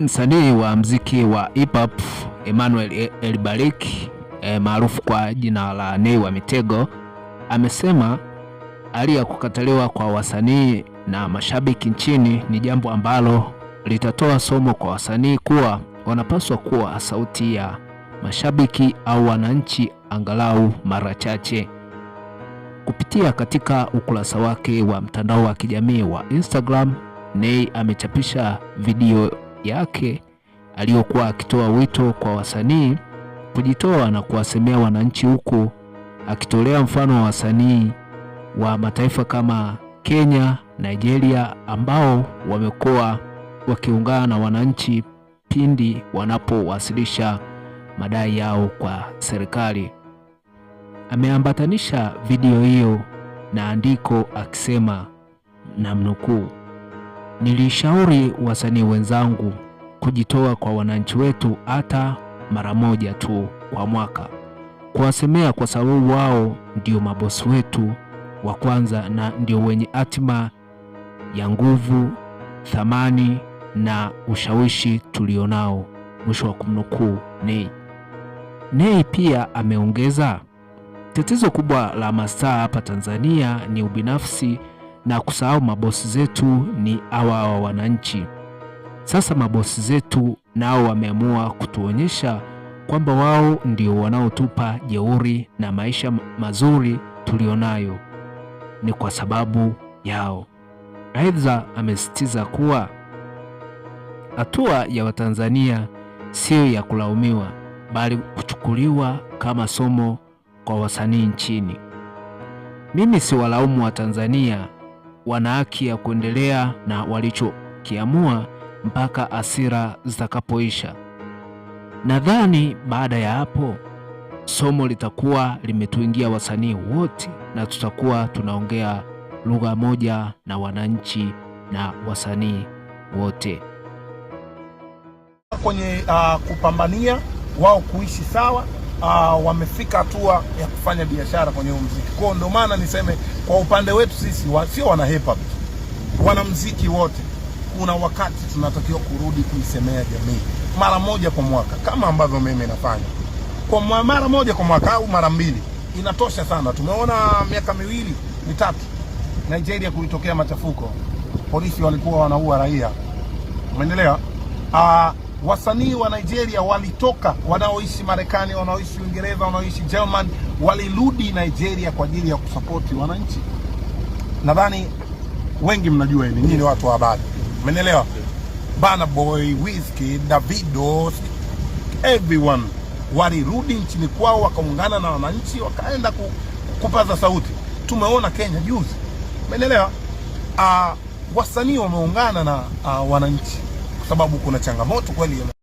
Msanii wa mziki wa hip hop Emmanuel e-, Elbalik e, maarufu kwa jina la Nay wa Mitego amesema hali ya kukataliwa kwa wasanii na mashabiki nchini ni jambo ambalo litatoa somo kwa wasanii kuwa wanapaswa kuwa sauti ya mashabiki au wananchi angalau mara chache. Kupitia katika ukurasa wake wa mtandao wa kijamii wa Instagram, Nay amechapisha video yake aliyokuwa akitoa wito kwa wasanii kujitoa na kuwasemea wananchi, huku akitolea mfano wa wasanii wa mataifa kama Kenya, Nigeria ambao wamekuwa wakiungana na wananchi pindi wanapowasilisha madai yao kwa serikali. Ameambatanisha video hiyo na andiko akisema, namnukuu Nilishauri wasanii wenzangu kujitoa kwa wananchi wetu hata mara moja tu kwa mwaka, kuwasemea kwa sababu wao ndio mabosi wetu wa kwanza na ndio wenye hatima ya nguvu, thamani na ushawishi tulionao. Mwisho wa kumnukuu Nay. Nay pia ameongeza, tatizo kubwa la mastaa hapa Tanzania ni ubinafsi na kusahau mabosi zetu ni awa wa wananchi. Sasa mabosi zetu nao wameamua kutuonyesha kwamba wao ndio wanaotupa jeuri na maisha mazuri tulionayo ni kwa sababu yao. Aidha, amesisitiza kuwa hatua ya Watanzania sio ya kulaumiwa, bali kuchukuliwa kama somo kwa wasanii nchini. Mimi siwalaumu Watanzania wana haki ya kuendelea na walichokiamua mpaka hasira zitakapoisha. Nadhani baada ya hapo somo litakuwa limetuingia wasanii wote na tutakuwa tunaongea lugha moja na wananchi na wasanii wote kwenye uh, kupambania wao kuishi sawa uh, wamefika hatua ya kufanya biashara kwenye huu mziki. Kwao ndio maana niseme kwa upande wetu sisi wa, sio wana hip hop, wana mziki wote, kuna wakati tunatakiwa kurudi kuisemea jamii mara moja kwa mwaka, kama ambavyo mimi nafanya kwa mara moja kwa mwaka au mara mbili inatosha sana. Tumeona miaka miwili mitatu Nigeria kulitokea machafuko, polisi walikuwa wanaua raia, umeendelewa ah, wasanii wa Nigeria walitoka, wanaoishi Marekani, wanaoishi Uingereza, wanaoishi German, walirudi Nigeria kwa ajili ya kusapoti wananchi. Nadhani wengi mnajua hili, nyinyi ni watu wa habari, mmenielewa. Bana Boy, Wizkid, Davido, everyone walirudi nchini kwao wakaungana na wananchi wakaenda ku, kupaza sauti. Tumeona Kenya juzi, mmenielewa. Uh, ah, wasanii wameungana na uh, wananchi kwa sababu kuna changamoto kweli